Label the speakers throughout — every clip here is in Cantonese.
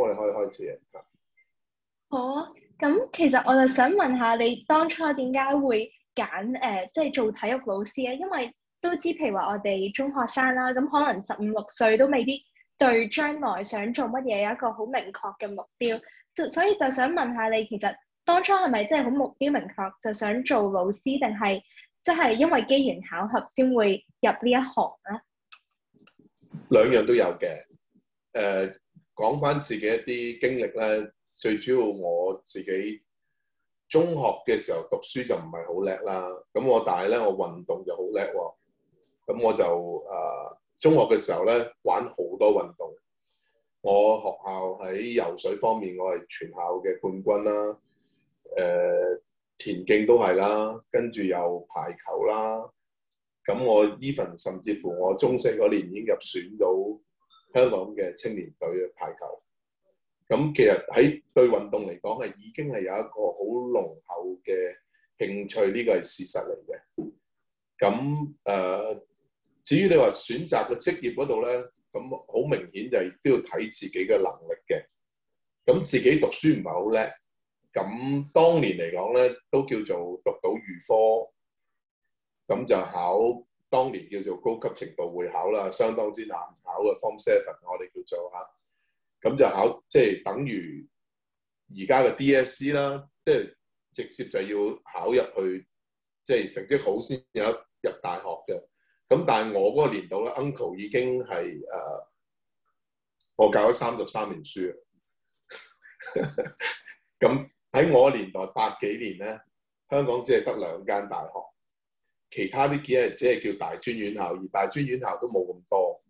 Speaker 1: 我
Speaker 2: 哋可以開始啊！好啊、哦，咁其實我就想問下你當初點解會揀誒，即、呃、係、就是、做體育老師咧？因為都知，譬如話我哋中學生啦，咁可能十五六歲都未必對將來想做乜嘢有一個好明確嘅目標，所以就想問下你，其實當初係咪真係好目標明確，就想做老師，定係即係因為機緣巧合先會入呢一行咧？
Speaker 1: 兩樣都有嘅，誒、呃。講翻自己一啲經歷咧，最主要我自己中學嘅時候讀書就唔係好叻啦，咁我大咧，我運動就好叻，咁我就誒、呃、中學嘅時候咧，玩好多運動，我學校喺游水方面我係全校嘅冠軍啦，誒、呃、田徑都係啦，跟住有排球啦，咁我 even，甚至乎我中四嗰年已經入選到。香港嘅青年隊嘅排球，咁其實喺對運動嚟講係已經係有一個好濃厚嘅興趣，呢個係事實嚟嘅。咁誒、呃，至於你話選擇個職業嗰度咧，咁好明顯就係都要睇自己嘅能力嘅。咁自己讀書唔係好叻，咁當年嚟講咧都叫做讀到預科，咁就考。當年叫做高級程度會考啦，相當之難考嘅 Form Seven，我哋叫做吓，咁就考即係等於而家嘅 DSE 啦，即係直接就要考入去，即係成績好先至有入大學嘅。咁但係我嗰個年度咧，Uncle 已經係誒，uh, 我教咗三十三年書，咁 喺我年代八幾年咧，香港只係得兩間大學。其他啲嘢係只係叫大專院校，而大專院校都冇咁多，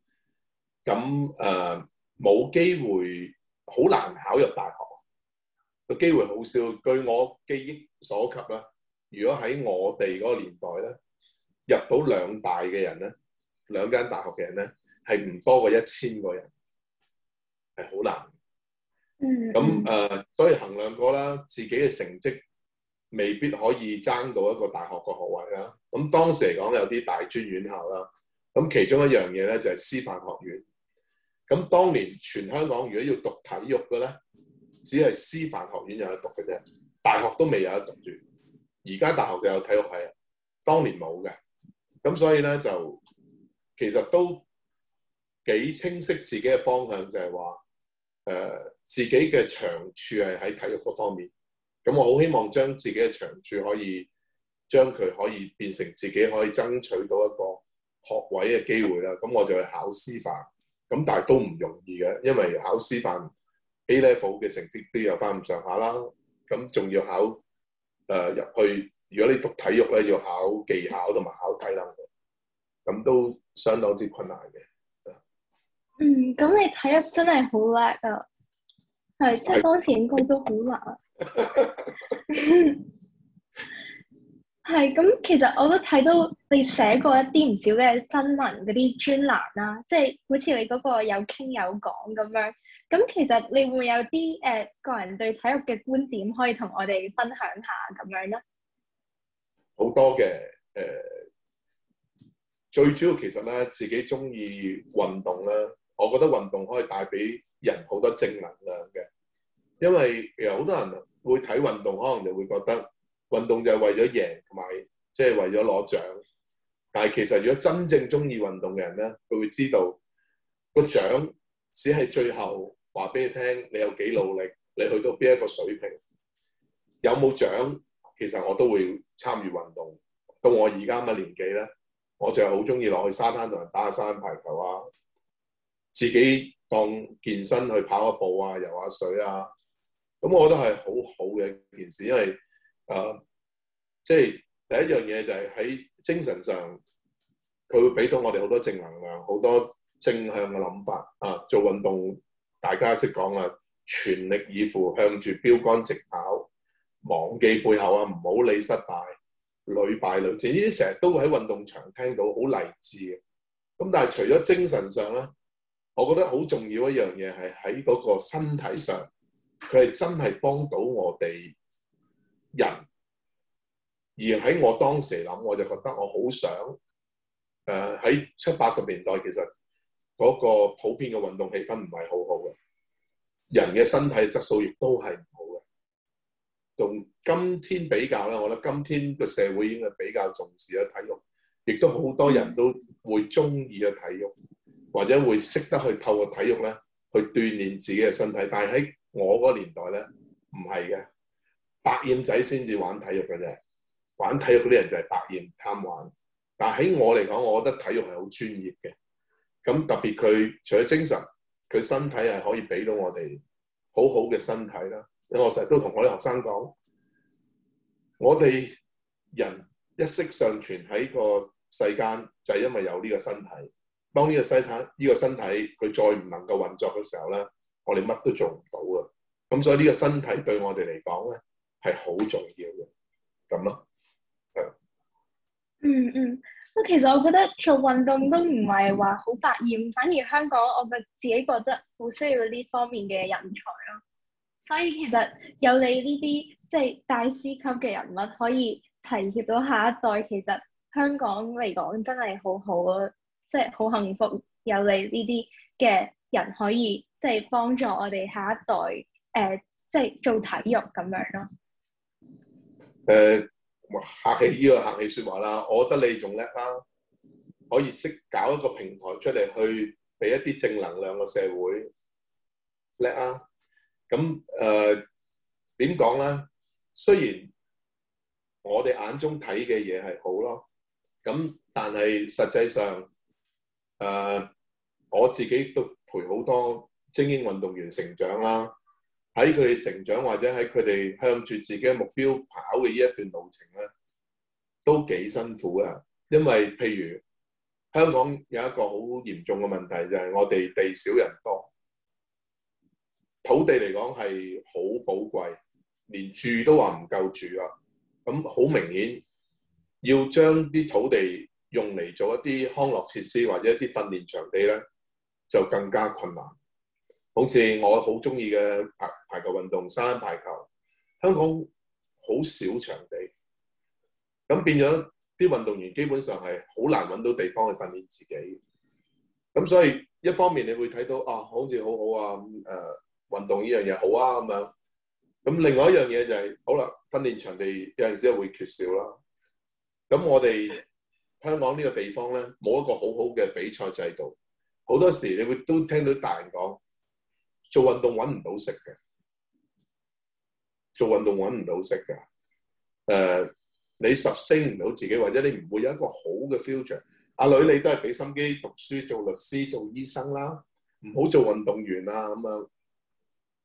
Speaker 1: 咁誒，冇機會，好難考入大學。個機會好少，據我記憶所及咧，如果喺我哋嗰個年代咧，入到兩大嘅人咧，兩間大學嘅人咧，係唔多過一千個人，係好難。嗯。
Speaker 3: 咁
Speaker 1: 誒、呃，所以衡量過啦，自己嘅成績。未必可以爭到一個大學個學位啦。咁當時嚟講，有啲大專院校啦。咁其中一樣嘢咧，就係師範學院。咁當年全香港，如果要讀體育嘅咧，只係師範學院有得讀嘅啫，大學都未有得讀住。而家大學就有體育系，當年冇嘅。咁所以咧，就其實都幾清晰自己嘅方向，就係話誒自己嘅長處係喺體育嗰方面。咁我好希望將自己嘅長處可以將佢可以變成自己可以爭取到一個學位嘅機會啦。咁我就去考師範，咁但係都唔容易嘅，因為考師範 A level 嘅成績都有返咁上下啦。咁仲要考誒、呃、入去，如果你讀體育咧，要考技巧同埋考體能，嘅，咁都相當之困難嘅。嗯，
Speaker 2: 咁你體育真係好叻啊！係，即係當時應該都好難。係，咁 其實我都睇到你寫過一啲唔少嘅新聞嗰啲專欄啦，即係好似你嗰個有傾有講咁樣。咁其實你會有啲誒、呃、個人對體育嘅觀點，可以同我哋分享下咁樣咧？
Speaker 1: 好多嘅誒、呃，最主要其實咧自己中意運動啦。我覺得運動可以帶俾人好多正能量嘅。因為有好多人會睇運動，可能就會覺得運動就係為咗贏，同埋即係為咗攞獎。但係其實如果真正中意運動嘅人咧，佢會知道個獎只係最後話俾你聽，你有幾努力，你去到邊一個水平。有冇獎其實我都會參與運動。到我而家咁嘅年紀咧，我就係好中意落去沙灘同人打下沙排球啊，自己當健身去跑下步啊，游下水啊。咁我覺得係好好嘅一件事，因為誒、呃，即係第一樣嘢就係喺精神上，佢會俾到我哋好多正能量、好多正向嘅諗法啊！做運動，大家識講啦，全力以赴向住標竿直跑，忘記背後啊，唔好理失敗，屢敗屢戰，呢啲成日都會喺運動場聽到，好勵志嘅。咁但係除咗精神上咧，我覺得好重要一樣嘢係喺嗰個身體上。佢係真係幫到我哋人，而喺我當時諗，我就覺得我好想誒喺、呃、七八十年代，其實嗰、那個普遍嘅運動氣氛唔係好好嘅，人嘅身體質素亦都係唔好嘅。同今天比較啦，我覺得今天嘅社會已經係比較重視咗體育，亦都好多人都會中意嘅體育，或者會識得去透過體育咧去鍛鍊自己嘅身體。但係喺我嗰年代咧，唔係嘅，百厭仔先至玩體育嘅啫，玩體育嗰啲人就係百厭貪玩。但喺我嚟講，我覺得體育係好專業嘅。咁特別佢除咗精神，佢身體係可以俾到我哋好好嘅身體啦。因為我成日都同我啲學生講，我哋人一息尚存喺個世間，就係因為有呢個身體。當呢個西塔呢個身體佢再唔能夠運作嘅時候咧，我哋乜都做唔到啊！咁所以呢個身體對我哋嚟講咧係好重要嘅，咁咯、嗯，嗯嗯，
Speaker 2: 咁其實我覺得做運動都唔係話好百厭，嗯、反而香港我嘅自己覺得好需要呢方面嘅人才咯。所以其實有你呢啲即係大師級嘅人物可以提攜到下一代，其實香港嚟講真係好好啊！即係好幸福，有你呢啲嘅人可以。即係幫助我哋下一代，誒、呃，即、就、係、是、做體育咁樣咯。
Speaker 1: 誒、呃，客氣，呢個客氣說話啦，我覺得你仲叻啦，可以識搞一個平台出嚟，去俾一啲正能量嘅社會叻啦。咁誒，點講咧？雖然我哋眼中睇嘅嘢係好咯，咁但係實際上誒、呃，我自己都賠好多。精英運動員成長啦，喺佢哋成長或者喺佢哋向住自己嘅目標跑嘅依一段路程咧，都幾辛苦啊！因為譬如香港有一個好嚴重嘅問題就係我哋地少人多，土地嚟講係好寶貴，連住都話唔夠住啊！咁好明顯，要將啲土地用嚟做一啲康樂設施或者一啲訓練場地咧，就更加困難。好似我好中意嘅排排球運動，沙灘排球，香港好少場地，咁變咗啲運動員基本上係好難搵到地方去訓練自己。咁所以一方面你會睇到啊，好似好好啊，誒、嗯啊、運動呢樣嘢好啊咁樣。咁另外一樣嘢就係、是，好啦，訓練場地有陣時會缺少啦。咁我哋香港呢個地方咧，冇一個好好嘅比賽制度，好多時你會都聽到大人講。做運動揾唔到食嘅，做運動揾唔到食嘅。誒、呃，你提升唔到自己，或者你唔會有一個好嘅 future。阿女，你都係俾心機讀書，做律師，做醫生啦，唔好做運動員啦咁樣。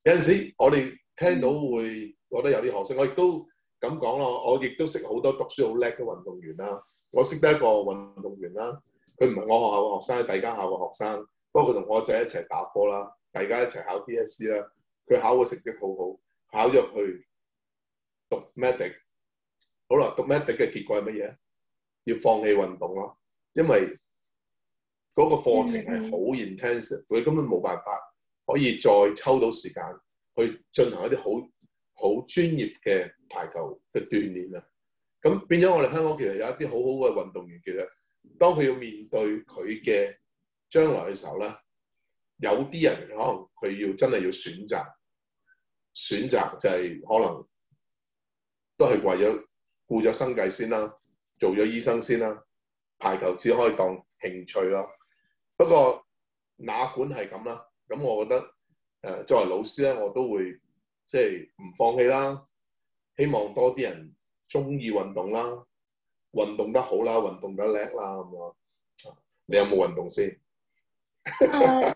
Speaker 1: 有陣時我哋聽到會、嗯、覺得有啲可惜，我亦都咁講咯。我亦都識好多讀書好叻嘅運動員啦。我識得一個運動員啦，佢唔係我學校嘅學生，係第二間校嘅學生，不過佢同我仔一齊打波啦。大家一齊考 P.S.C 啦，佢考嘅成績好好，考咗去讀 medical。好啦，讀 medical 嘅結果係乜嘢？要放棄運動咯，因為嗰個課程係好 intensive，佢根本、嗯、冇辦法可以再抽到時間去進行一啲好好專業嘅排球嘅鍛煉啊。咁變咗我哋香港其實有一啲好好嘅運動員，其實當佢要面對佢嘅將來嘅時候咧。有啲人可能佢要真係要選擇，選擇就係可能都係為咗顧咗生計先啦，做咗醫生先啦，排球只可以當興趣咯。不過哪管係咁啦，咁我覺得誒作為老師咧，我都會即係唔放棄啦，希望多啲人鍾意運動啦，運動得好啦，運動得叻啦咁啊！
Speaker 4: 你有冇運
Speaker 1: 動先？
Speaker 2: 誒， uh,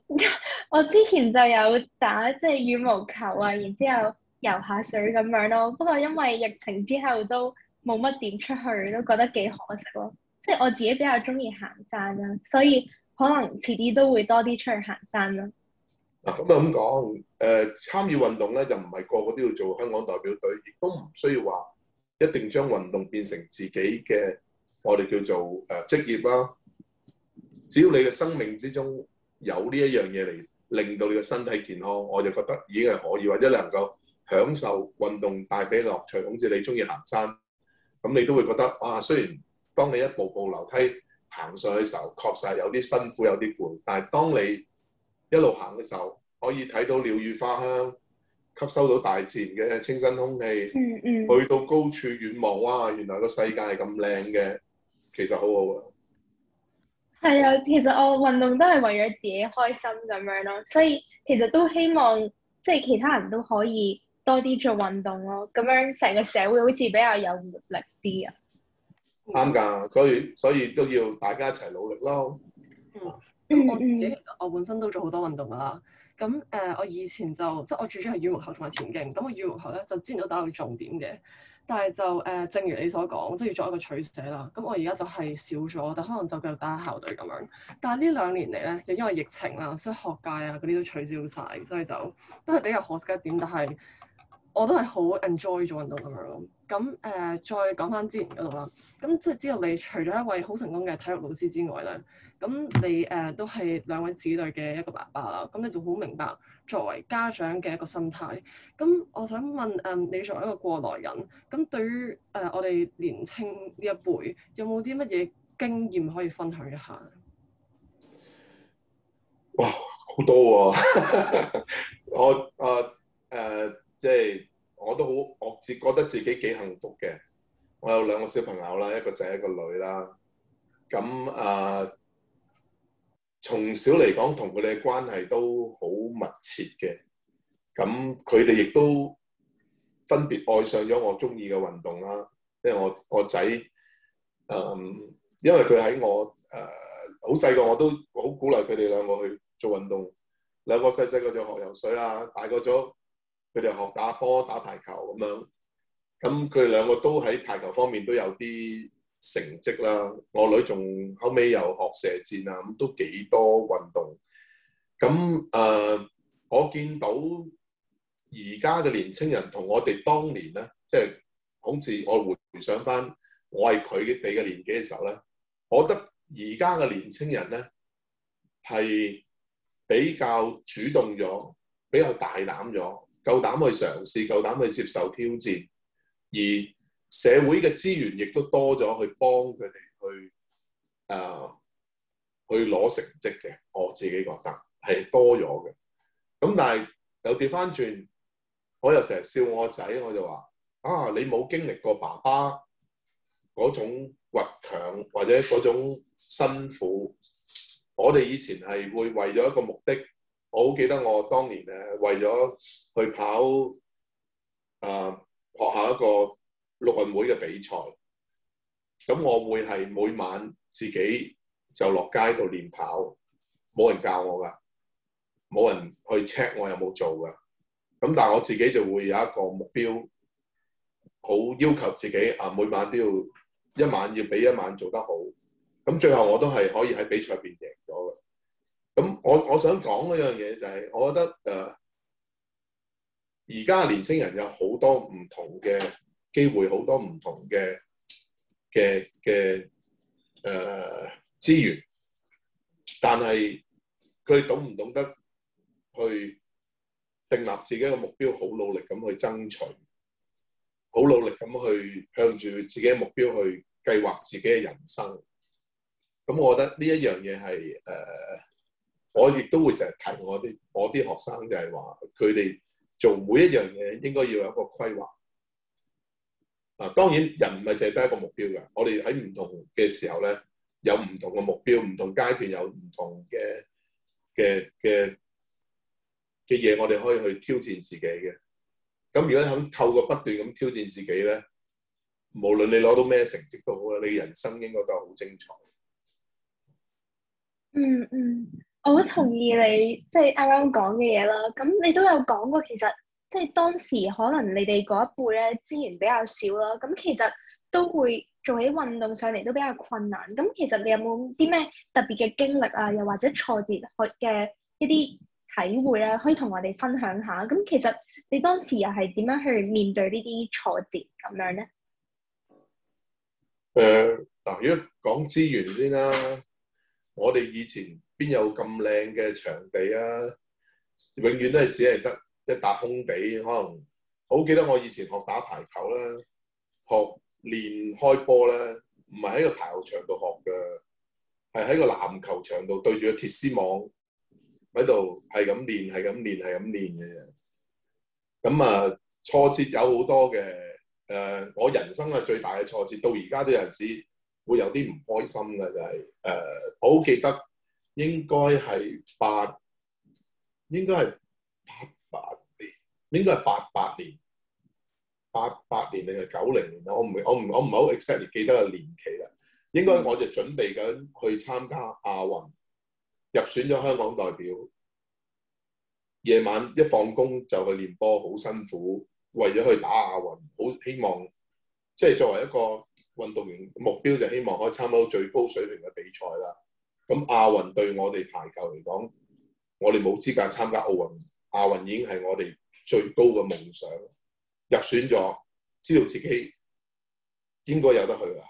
Speaker 2: 我之前就有打即係羽毛球啊，然之後游下水咁樣咯。不過因為疫情之後都冇乜點出去，都覺得幾可惜咯、啊。即係我自己比較中意行山啦、啊，所以可能遲啲都會多啲出去行山咯、
Speaker 1: 啊。嗱、啊，咁啊咁講，誒、呃，參與運動咧就唔係個個都要做香港代表隊，亦都唔需要話一定將運動變成自己嘅我哋叫做誒、呃、職業啦、啊。只要你嘅生命之中。有呢一樣嘢嚟令到你個身體健康，我就覺得已經係可以或者能夠享受運動帶俾樂趣。好似你中意行山，咁你都會覺得啊，雖然當你一步步樓梯行上去嘅時候，確實有啲辛苦，有啲攰，但係當你一路行嘅時候，可以睇到鳥語花香，吸收到大自然嘅清新空氣，嗯嗯，去到高處遠望，哇，原來個世界係咁靚嘅，其實好好。
Speaker 2: 係啊，其實我運動都係為咗自己開心咁樣咯，所以其實都希望即係、就是、其他人都可以多啲做運動咯，咁樣成個社會好似比較有活力啲
Speaker 1: 啊。啱噶，所以所以都要大家一齊努力咯。
Speaker 4: 咁、嗯、 我其實我本身都做好多運動噶啦，咁誒、呃、我以前就即係我主張係羽毛球同埋田徑，咁我羽毛球咧就之前都打到重點嘅。但係就誒、呃，正如你所講，即係要作一個取捨啦。咁我而家就係少咗，但可能就繼續打校隊咁樣。但係呢兩年嚟咧，就因為疫情啦、所以學界啊嗰啲都取消晒，所以就都係比較可惜嘅一點。但係。我都係好 enjoy 做運動咁樣咯。咁誒、呃，再講翻之前嗰度啦。咁即係知道，你除咗一位好成功嘅體育老師之外咧，咁你誒、呃、都係兩位子女嘅一個爸爸啦。咁你就好明白作為家長嘅一個心態。咁我想問誒、呃，你作為一個過來人，咁對於誒、呃、我哋年青呢一輩，有冇啲乜嘢經驗可以分享一下？
Speaker 1: 哇！好多喎、啊， 我誒誒。Uh, uh, 即係、就是、我都好，我自覺得自己幾幸福嘅。我有兩個小朋友啦，一個仔一個女啦。咁啊、呃，從小嚟講，同佢哋嘅關係都好密切嘅。咁佢哋亦都分別愛上咗我鍾意嘅運動啦。即係我我仔，嗯，因為佢喺我誒好細個，我都好鼓勵佢哋兩個去做運動。兩個細細個就學游水啊，大個咗。佢哋學打波、打排球咁樣，咁佢哋兩個都喺排球方面都有啲成績啦。我女仲後尾又學射箭啊，咁都幾多運動。咁誒、呃，我見到而家嘅年青人同我哋當年咧，即係好似我回想翻，我係佢哋嘅年紀嘅時候咧，我覺得而家嘅年青人咧係比較主動咗，比較大膽咗。夠膽去嘗試，夠膽去接受挑戰，而社會嘅資源亦都多咗去幫佢哋去誒、呃、去攞成績嘅。我自己覺得係多咗嘅。咁但係又掉翻轉，我又成日笑我仔，我就話：啊，你冇經歷過爸爸嗰種倔強或者嗰種辛苦。我哋以前係會為咗一個目的。我好記得我當年咧，為咗去跑啊、呃、學校一個陸運會嘅比賽，咁我會係每晚自己就落街度練跑，冇人教我噶，冇人去 check 我有冇做噶。咁但係我自己就會有一個目標，好要求自己啊，每晚都要一晚要比一晚做得好。咁最後我都係可以喺比賽入邊贏咗嘅。咁我我想講一樣嘢就係、是，我覺得誒，而、呃、家年青人有好多唔同嘅機會，好多唔同嘅嘅嘅誒資源，但係佢哋懂唔懂得去訂立自己嘅目標，好努力咁去爭取，好努力咁去向住自己嘅目標去計劃自己嘅人生。咁我覺得呢一樣嘢係誒。呃我亦都會成日提我啲我啲學生就，就係話佢哋做每一樣嘢應該要有一個規劃。啊，當然人唔係淨係得一個目標㗎。我哋喺唔同嘅時候咧，有唔同嘅目標，唔同階段有唔同嘅嘅嘅嘅嘢，我哋可以去挑戰自己嘅。咁如果你肯透過不斷咁挑戰自己咧，無論你攞到咩成績都好啦，你人生應該都係好精彩嗯。嗯嗯。
Speaker 2: 我好同意你即係啱啱講嘅嘢啦，咁你都有講過，其實即係當時可能你哋嗰一輩咧資源比較少咯，咁其實都會做起運動上嚟都比較困難。咁其實你有冇啲咩特別嘅經歷啊？又或者挫折嘅一啲體會咧，可以同我哋分享下？咁其實你當時又係點樣去面對呢啲挫折咁樣咧？誒，嗱，
Speaker 1: 如果講資源先啦。我哋以前邊有咁靚嘅場地啊？永遠都係只係得一笪空地。可能好記得我以前學打排球啦，學練開波咧，唔係喺個排球場度學嘅，係喺個籃球場度對住個鐵絲網，喺度係咁練，係咁練，係咁練嘅。咁啊，挫折有好多嘅。誒、呃，我人生係最大嘅挫折，到而家都有時，會有啲唔開心嘅，就係、是、誒、好、呃、記得應該係八，應該係八八年，應該係八八年，八八年定係九零年啦。我唔我唔我唔係好 exact 記得個年期啦。應該我就準備緊去參加亞運，入選咗香港代表。夜晚一放工就去練波，好辛苦，為咗去打亞運，好希望即係、就是、作為一個。運動員目標就希望可以參加到最高水平嘅比賽啦。咁亞運對我哋排球嚟講，我哋冇資格參加奧運，亞運已經係我哋最高嘅夢想。入選咗，知道自己應該有得去啦。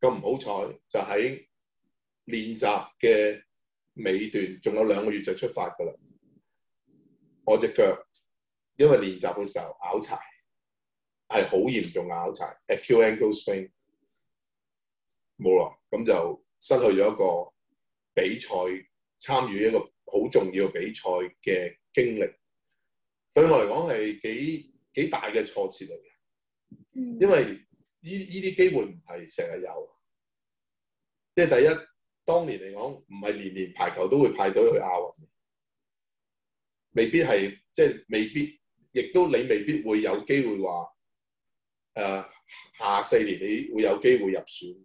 Speaker 1: 咁唔好彩，就喺練習嘅尾段，仲有兩個月就出發㗎啦。我隻腳因為練習嘅時候拗柴。係好嚴重，拗柴 Asian Games 冇啦，咁就失去咗一個比賽，參與一個好重要嘅比賽嘅經歷，對我嚟講係幾幾大嘅挫折嚟嘅，因為呢呢啲機會唔係成日有，即係第一，當年嚟講唔係年年排球都會派隊去亞運，未必係即係未必，亦都你未必會有機會話。誒、uh, 下四年你會有機會入選，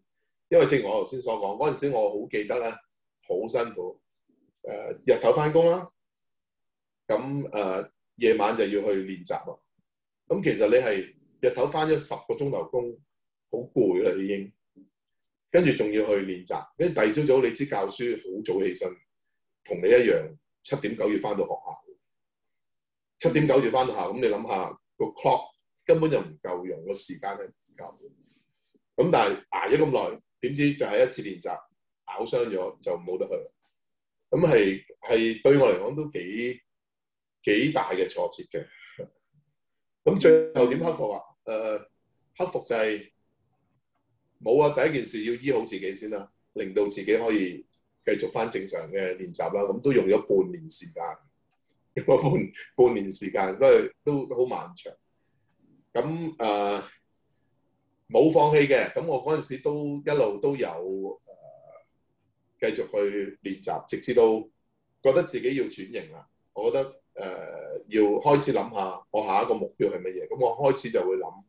Speaker 1: 因為正如我頭先所講，嗰陣時我好記得咧，好辛苦。誒、uh, 日頭翻工啦，咁誒、uh, 夜晚就要去練習。咁其實你係日頭翻咗十個鐘頭工，好攰啦已經，跟住仲要去練習。跟住第二朝早你知教書好早起身，同你一樣七點九要翻到學校，七點九要翻到學校。咁你諗下個 clock。根本就唔夠用，個時間咧唔夠嘅。咁但係捱咗咁耐，點、呃、知就係一次練習咬傷咗，就冇得去。咁係係對我嚟講都幾幾大嘅挫折嘅。咁 最後點克服啊？誒、呃，克服就係、是、冇啊。第一件事要醫好自己先啦，令到自己可以繼續翻正常嘅練習啦。咁都用咗半年時間，半半年時間所以都好漫長。咁誒冇放棄嘅，咁我嗰陣時都一路都有誒、呃、繼續去練習，直至到覺得自己要轉型啦。我覺得誒、呃、要開始諗下我下一個目標係乜嘢。咁我開始就會諗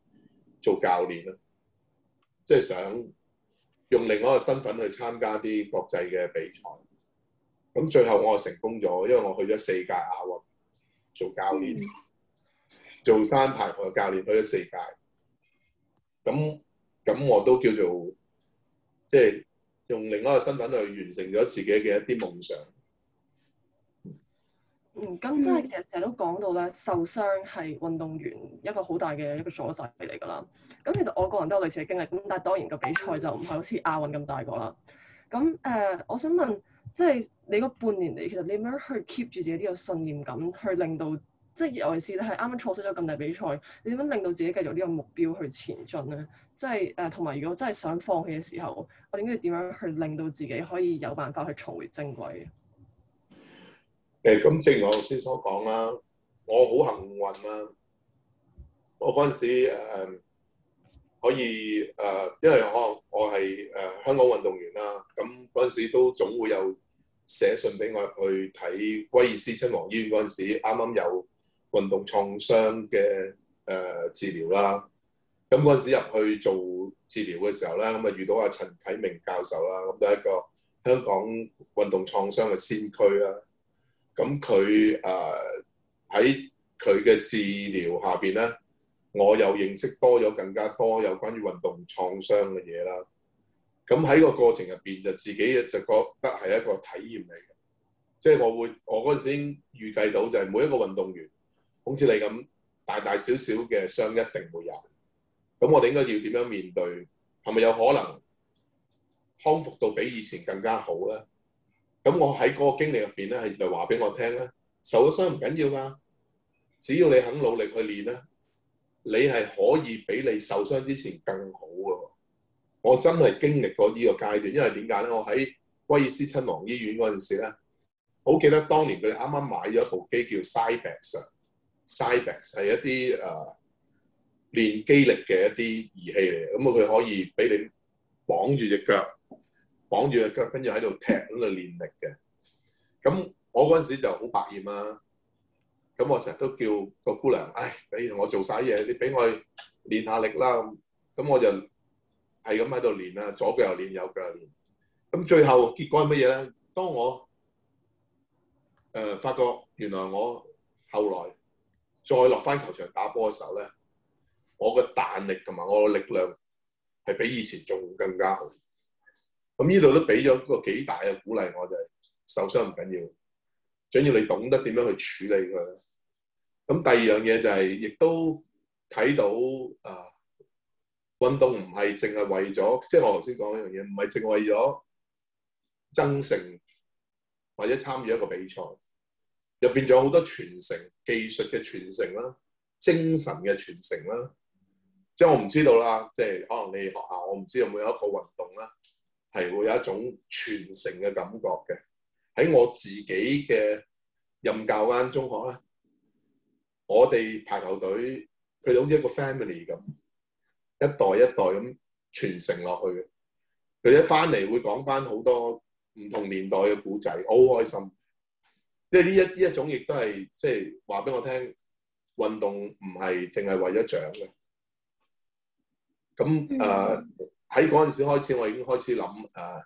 Speaker 1: 做教練啦，即係想用另外一個身份去參加啲國際嘅比賽。咁最後我成功咗，因為我去咗四屆亞運做教練。嗯做沙排我嘅教練，去咗四屆，咁咁我都叫做即係用另外一個身份去完成咗自己嘅一啲夢想。
Speaker 4: 嗯，咁即係其實成日都講到咧，受傷係運動員一個好大嘅一個阻滯嚟㗎啦。咁其實我個人都有類似嘅經歷，咁但係當然個比賽就唔係好似亞運咁大個啦。咁誒、呃，我想問，即係你個半年嚟，其實你點樣去 keep 住自己呢個信念感，去令到？即係尤其是你係啱啱錯失咗咁大比賽，你點樣令到自己繼續呢個目標去前進咧？即係誒，同、呃、埋如果真係想放棄嘅時候，我應該點樣去令到自己可以有辦法去重回正軌？
Speaker 1: 誒、呃，咁正如我頭先所講啦，我好幸運啦，我嗰陣時、呃、可以誒、呃，因為可能我係誒、呃、香港運動員啦，咁嗰陣時都總會有寫信俾我去睇威爾斯親王醫院嗰陣時，啱啱有運動創傷嘅誒治療啦，咁嗰陣時入去做治療嘅時候咧，咁啊遇到阿陳啟明教授啦，咁就係一個香港運動創傷嘅先驅啦。咁佢誒喺佢嘅治療下邊咧，我又認識多咗更加多有關於運動創傷嘅嘢啦。咁喺個過程入邊就自己就覺得係一個體驗嚟嘅，即係我會我嗰陣時已經預計到就係每一個運動員。好似你咁大大小小嘅傷一定會有，咁我哋應該要點樣面對？係咪有可能康復到比以前更加好咧？咁我喺嗰個經歷入邊咧，係咪話俾我聽咧？受咗傷唔緊要噶，只要你肯努力去練咧，你係可以比你受傷之前更好噶。我真係經歷過呢個階段，因為點解咧？我喺威爾斯親王醫院嗰陣時咧，好記得當年佢哋啱啱買咗部機叫 SideBox。Cybex 係一啲誒、呃、練肌力嘅一啲儀器嚟嘅，咁啊佢可以俾你綁住隻腳，綁住隻腳，跟住喺度踢，喺度練力嘅。咁、嗯、我嗰陣時就好百厭啦。咁、嗯、我成日都叫個姑娘，唉，你同我做曬嘢，你俾我練下力啦。咁、嗯、我就係咁喺度練啦，左腳又練，右腳又練。咁、嗯、最後結果係乜嘢咧？當我誒、呃、發覺原來我後來，再落翻球場打波嘅時候咧，我個彈力同埋我力量係比以前仲更加好。咁呢度都俾咗個幾大嘅鼓勵我，我就係、是、受傷唔緊要，主要你懂得點樣去處理佢。咁第二樣嘢就係、是，亦都睇到啊，運動唔係淨係為咗，即、就、係、是、我頭先講嗰樣嘢，唔係淨為咗爭勝或者參與一個比賽。入面仲有好多傳承，技術嘅傳承啦，精神嘅傳承啦，即係我唔知道啦，即係可能你哋學校我唔知有冇有一個運動啦，係會有一種傳承嘅感覺嘅。喺我自己嘅任教間中學咧，我哋排球隊佢哋好似一個 family 咁，一代一代咁傳承落去嘅。佢哋一翻嚟會講翻好多唔同年代嘅故仔，好開心。即係呢一呢一種，亦都係即係話俾我聽，運動唔係淨係為咗獎嘅。咁誒喺嗰陣時開始，我已經開始諗誒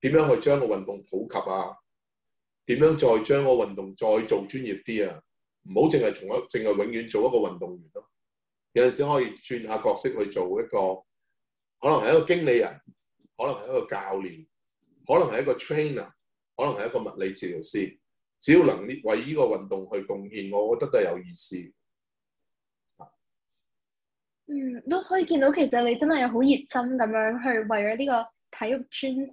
Speaker 1: 點樣去將個運動普及啊？點樣再將個運動再做專業啲啊？唔好淨係從一，淨係永遠做一個運動員咯。有陣時可以轉下角色去做一個，可能係一個經理人，可能係一個教練，可能係一個 trainer，可能係一個物理治療師。只要能呢為呢個運動去貢獻，我覺得都係有意思。
Speaker 2: 嗯，都可以見到其實你真係好熱心咁樣去為咗呢個體育專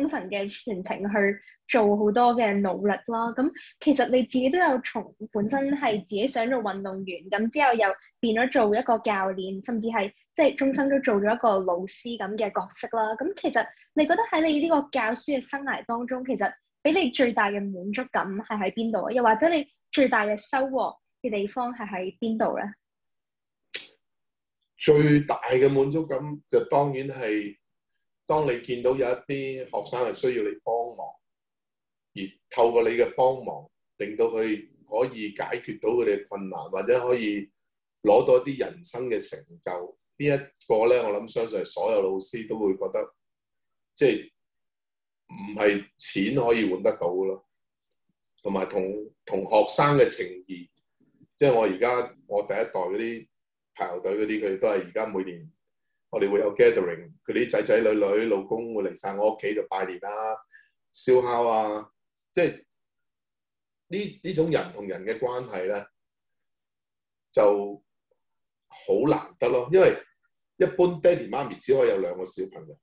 Speaker 2: 精神嘅傳承去做好多嘅努力啦。咁其實你自己都有從本身係自己想做運動員，咁之後又變咗做一個教練，甚至係即係終生都做咗一個老師咁嘅角色啦。咁其實你覺得喺你呢個教書嘅生涯當中，其實俾你最大嘅滿足感係喺邊度啊？又或者你最大嘅收穫嘅地方係喺邊度咧？
Speaker 1: 最大嘅滿足感就當然係，當你見到有一啲學生係需要你幫忙，而透過你嘅幫忙，令到佢可以解決到佢哋嘅困難，或者可以攞到一啲人生嘅成就。這個、呢一個咧，我諗相信係所有老師都會覺得，即係。唔係錢可以換得到咯，同埋同同學生嘅情義，即係我而家我第一代嗰啲排球隊嗰啲，佢哋都係而家每年我哋會有 gathering，佢啲仔仔女女老公會嚟晒我屋企度拜年啦、燒烤啊，即係呢呢種人同人嘅關係咧，就好難得咯，因為一般爹哋媽咪只可以有兩個小朋友。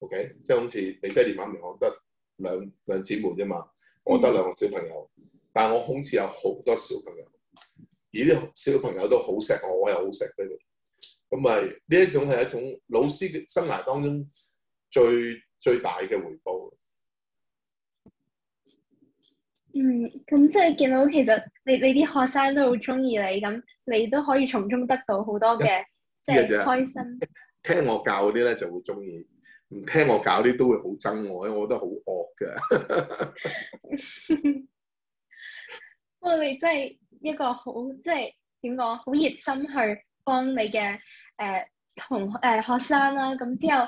Speaker 1: O.K. 即係好似你爹哋媽咪，我得兩兩姊妹啫嘛。我得兩個小朋友，但係我好似有好多小朋友，而啲小朋友都好錫我，我又好錫佢哋。咁咪呢一種係一種老師嘅生涯當中最最大嘅回
Speaker 2: 報。嗯，咁即係見到其實你你啲學生都好中意你，咁你都可以從中得到好多嘅即係開心。
Speaker 1: 聽我教嗰啲咧，就會中意。唔聽我搞啲都會好憎我，因為我覺得好惡嘅。
Speaker 2: 不過你真係一個好，即係點講？好熱心去幫你嘅誒、呃、同誒學、呃、學生啦。咁之後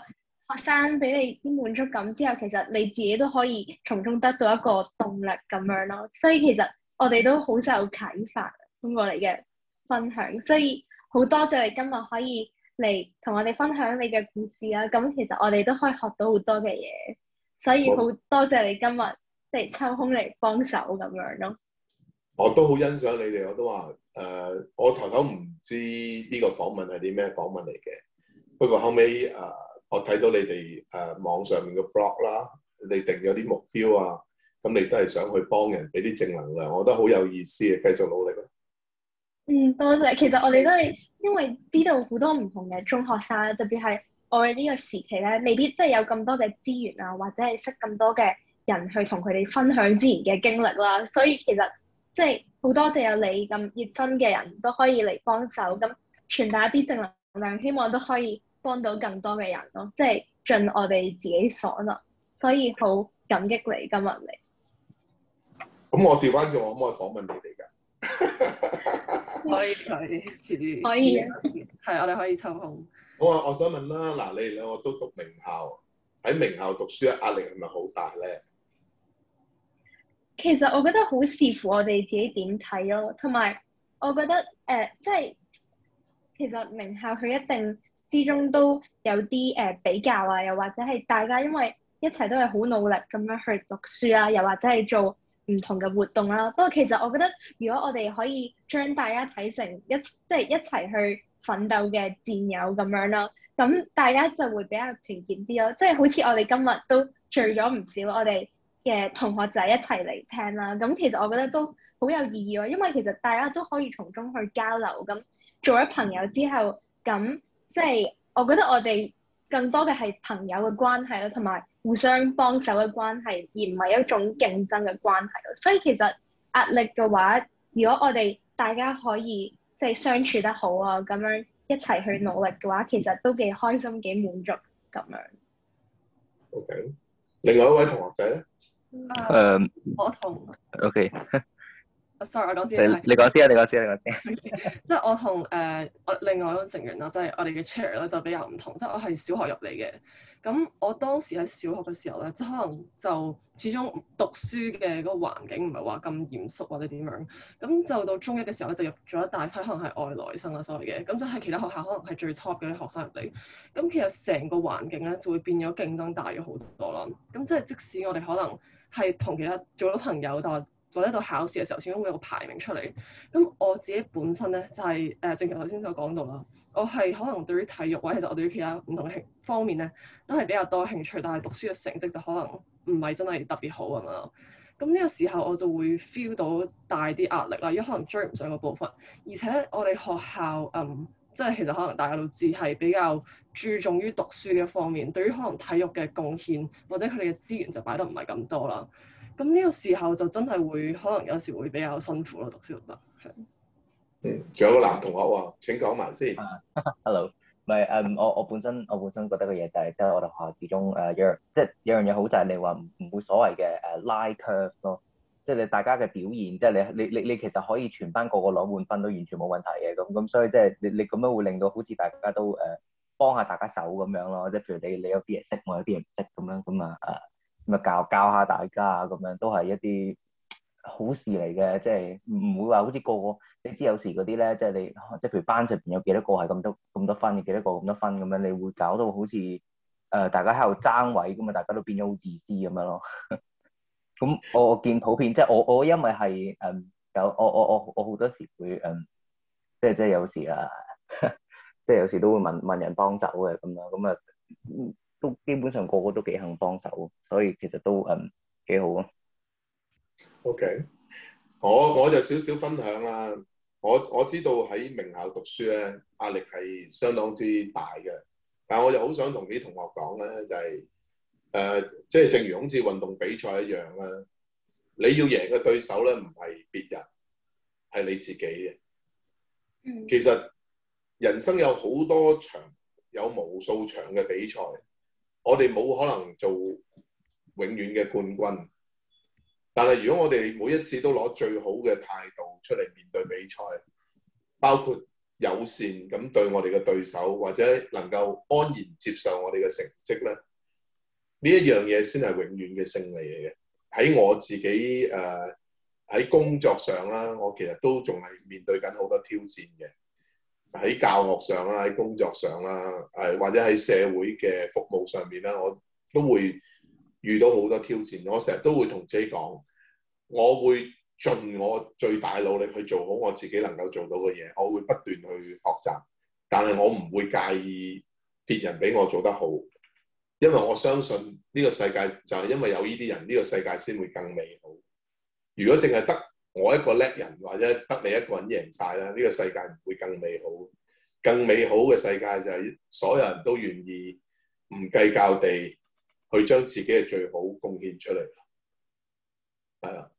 Speaker 2: 學生俾你啲滿足感之後，其實你自己都可以從中得到一個動力咁樣咯。所以其實我哋都好受啟發通過你嘅分享。所以好多謝你今日可以，嚟同我哋分享你嘅故事啊，咁其實我哋都可以學到好多嘅嘢，所以好多謝你今日即係抽空嚟幫手咁樣咯。
Speaker 1: 我都好欣賞你哋，我都話誒、呃，我頭頭唔知呢個訪問係啲咩訪問嚟嘅，不過後尾誒、呃，我睇到你哋誒、呃、網上面嘅 blog 啦，你定咗啲目標啊，咁你都係想去幫人，俾啲正能量，我覺得好有意思，繼續努力。
Speaker 2: 嗯，多謝。其實我哋都係因為知道好多唔同嘅中學生，特別係我哋呢個時期咧，未必即係有咁多嘅資源啊，或者係識咁多嘅人去同佢哋分享之前嘅經歷啦。所以其實即係好多謝有你咁熱心嘅人都可以嚟幫手，咁傳達一啲正能量，希望都可以幫到更多嘅人咯。即係盡我哋自己所能，所以好感激你今日嚟。
Speaker 1: 咁、嗯、我調翻轉，可唔可以訪問你哋噶？ 可
Speaker 4: 以，遲啲 可以，係 我哋可以抽空。
Speaker 1: 我我我想問啦，嗱，你哋兩個都讀名校，喺名校讀書，壓力係咪好大咧？
Speaker 2: 其實我覺得好視乎我哋自己點睇咯，同埋我覺得誒、呃，即係其實名校佢一定之中都有啲誒比較啊，又或者係大家因為一齊都係好努力咁樣去讀書呀，又或者係做。唔同嘅活動啦，不過其實我覺得，如果我哋可以將大家睇成一，即係一齊去奮鬥嘅戰友咁樣啦，咁大家就會比較團結啲咯。即係好似我哋今日都聚咗唔少我哋嘅同學仔一齊嚟聽啦，咁其實我覺得都好有意義咯。因為其實大家都可以從中去交流，咁做咗朋友之後，咁即係我覺得我哋更多嘅係朋友嘅關係咯，同埋。互相幫手嘅關係，而唔係一種競爭嘅關係咯。所以其實壓力嘅話，如果我哋大家可以即係、就是、相處得好啊，咁樣一齊去努力嘅話，其實都幾開心、幾滿足咁樣。OK，
Speaker 3: 另外一位同學仔
Speaker 4: 咧，誒，uh, 我同 OK。 Sorry 我講先，你你講先啊，你講先，你講先。即係我同誒我另外一個成員啦，即係我哋嘅 chair 咧，就比較唔同。即係我係小學入嚟嘅，咁我當時喺小學嘅時候咧，即係可能就始終讀書嘅嗰個環境唔係話咁嚴肅或者點樣。咁就到中一嘅時候咧，就入咗一大批可能係外來生啊所謂嘅，咁就係其他學校可能係最 top 嘅啲學生入嚟。咁其實成個環境咧就會變咗競爭大咗好多咯。咁即係即使我哋可能係同其他做咗朋友，但或者到考試嘅時候始終會有個排名出嚟。咁我自己本身咧就係、是、誒、呃，正如頭先所講到啦，我係可能對於體育或者其實我對於其他唔同嘅方面咧，都係比較多興趣，但係讀書嘅成績就可能唔係真係特別好咁樣咯。咁呢個時候我就會 feel 到大啲壓力啦，因為可能追唔上個部分。而且我哋學校嗯，即係其實可能大家都知係比較注重於讀書呢一方面，對於可能體育嘅貢獻或者佢哋嘅資源就擺得唔係咁多啦。咁呢個時候就真係會可能有時會比較辛苦咯，讀書讀
Speaker 3: 得，仲有個男同學話：
Speaker 4: 請
Speaker 1: 講埋先。Uh,
Speaker 3: hello，唔係誒？Um, 我我本身我本身覺得嘅嘢就係即係我哋學校始終誒樣，即、uh, 係有樣嘢好就係你話唔會所謂嘅誒拉 curve 咯，即係你大家嘅表現，即、就、係、是、你你你你其實可以全班個個攞滿分都完全冇問題嘅，咁咁所以即係你你咁樣會令到好似大家都誒幫、uh, 下大家手咁樣咯，即、就、係、是、譬如你你有啲人識，我有啲人唔識咁樣咁啊啊！Uh, 咪教教下大家啊，咁樣都係一啲好事嚟嘅，即係唔會話好似個個，你知有時嗰啲咧，即係你即係譬如班上邊有幾多個係咁多咁多分，你幾多個咁多分咁樣，你會搞到好似誒大家喺度爭位咁啊，大家都變咗好自私咁樣咯。咁 我見普遍即係我我因為係誒、嗯、有我我我我好多時會誒、嗯，即係即係有時啊，即係有時都會問問人幫手嘅咁樣，咁啊都基本上個個都幾肯幫手，所以其實都誒幾、嗯、好啊。O、
Speaker 1: okay. K，我我就少少分享啦。我我知道喺名校讀書咧，壓力係相當之大嘅。但係我又好想同啲同學講咧，就係、是、誒，即、呃、係、就是、正如好似運動比賽一樣啦。你要贏嘅對手咧，唔係別人，係你自己嘅。其實人生有好多場，有無數場嘅比賽。我哋冇可能做永遠嘅冠軍，但係如果我哋每一次都攞最好嘅態度出嚟面對比賽，包括友善咁對我哋嘅對手，或者能夠安然接受我哋嘅成績咧，呢一樣嘢先係永遠嘅勝利嚟嘅。喺我自己誒喺、呃、工作上啦，我其實都仲係面對緊好多挑戰嘅。喺教學上啦，喺工作上啦，誒或者喺社會嘅服務上面啦，我都會遇到好多挑戰。我成日都會同自己講，我會盡我最大努力去做好我自己能夠做到嘅嘢。我會不斷去學習，但係我唔會介意別人比我做得好，因為我相信呢個世界就係因為有呢啲人，呢個世界先會更美好。如果淨係得我一個叻人，或者得你一個人贏晒啦。呢個世界唔會更美好，更美好嘅世界就係所有人都願意唔計較地去將自己嘅最好貢獻出嚟。係啦，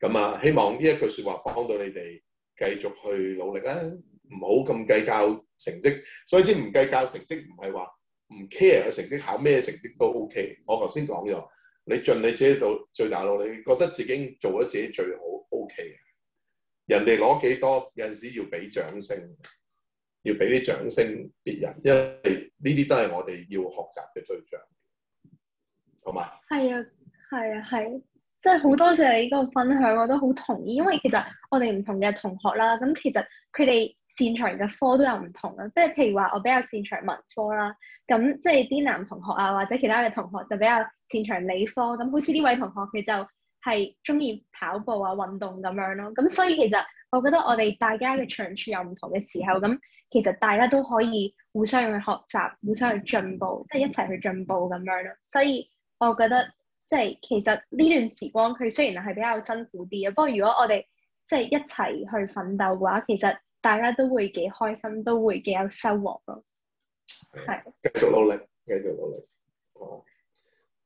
Speaker 1: 咁、嗯、啊，希望呢一句説話幫到你哋繼續去努力啊，唔好咁計較成績。所以先唔計較成績，唔係話唔 care 成績，考咩成績都 OK。我頭先講咗，你盡你自己到最大努力。你覺得自己做咗自己最好。O K 人哋攞幾多，有陣時要俾掌聲，要俾啲掌聲別人，因為呢啲都係我哋要學習嘅對象，好嘛？
Speaker 2: 係啊，係啊，係啊，即係好多謝你呢個分享，我都好同意。因為其實我哋唔同嘅同學啦，咁其實佢哋擅長嘅科都有唔同啊。即係譬如話，我比較擅長文科啦，咁即係啲男同學啊，或者其他嘅同學就比較擅長理科。咁好似呢位同學，佢就。係鍾意跑步啊、運動咁樣咯、啊，咁所以其實我覺得我哋大家嘅長處有唔同嘅時候，咁其實大家都可以互相去學習，互相去進步，即係一齊去進步咁樣咯、啊。所以我覺得即係、就是、其實呢段時光佢雖然係比較辛苦啲啊，不過如果我哋即係一齊去奮鬥嘅話，其實大家都會幾開心，都會幾有收穫咯。係，繼續努力，繼
Speaker 1: 續努力。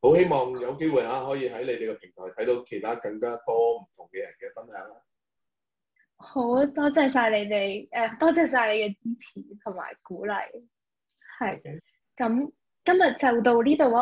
Speaker 1: 好希望有機會嚇，可以喺你哋嘅平台睇到其他更加多唔同嘅人嘅分享啦。
Speaker 2: 好多謝晒你哋，誒、呃、多謝晒你嘅支持同埋鼓勵。係，咁 Okay. 今日就到呢度。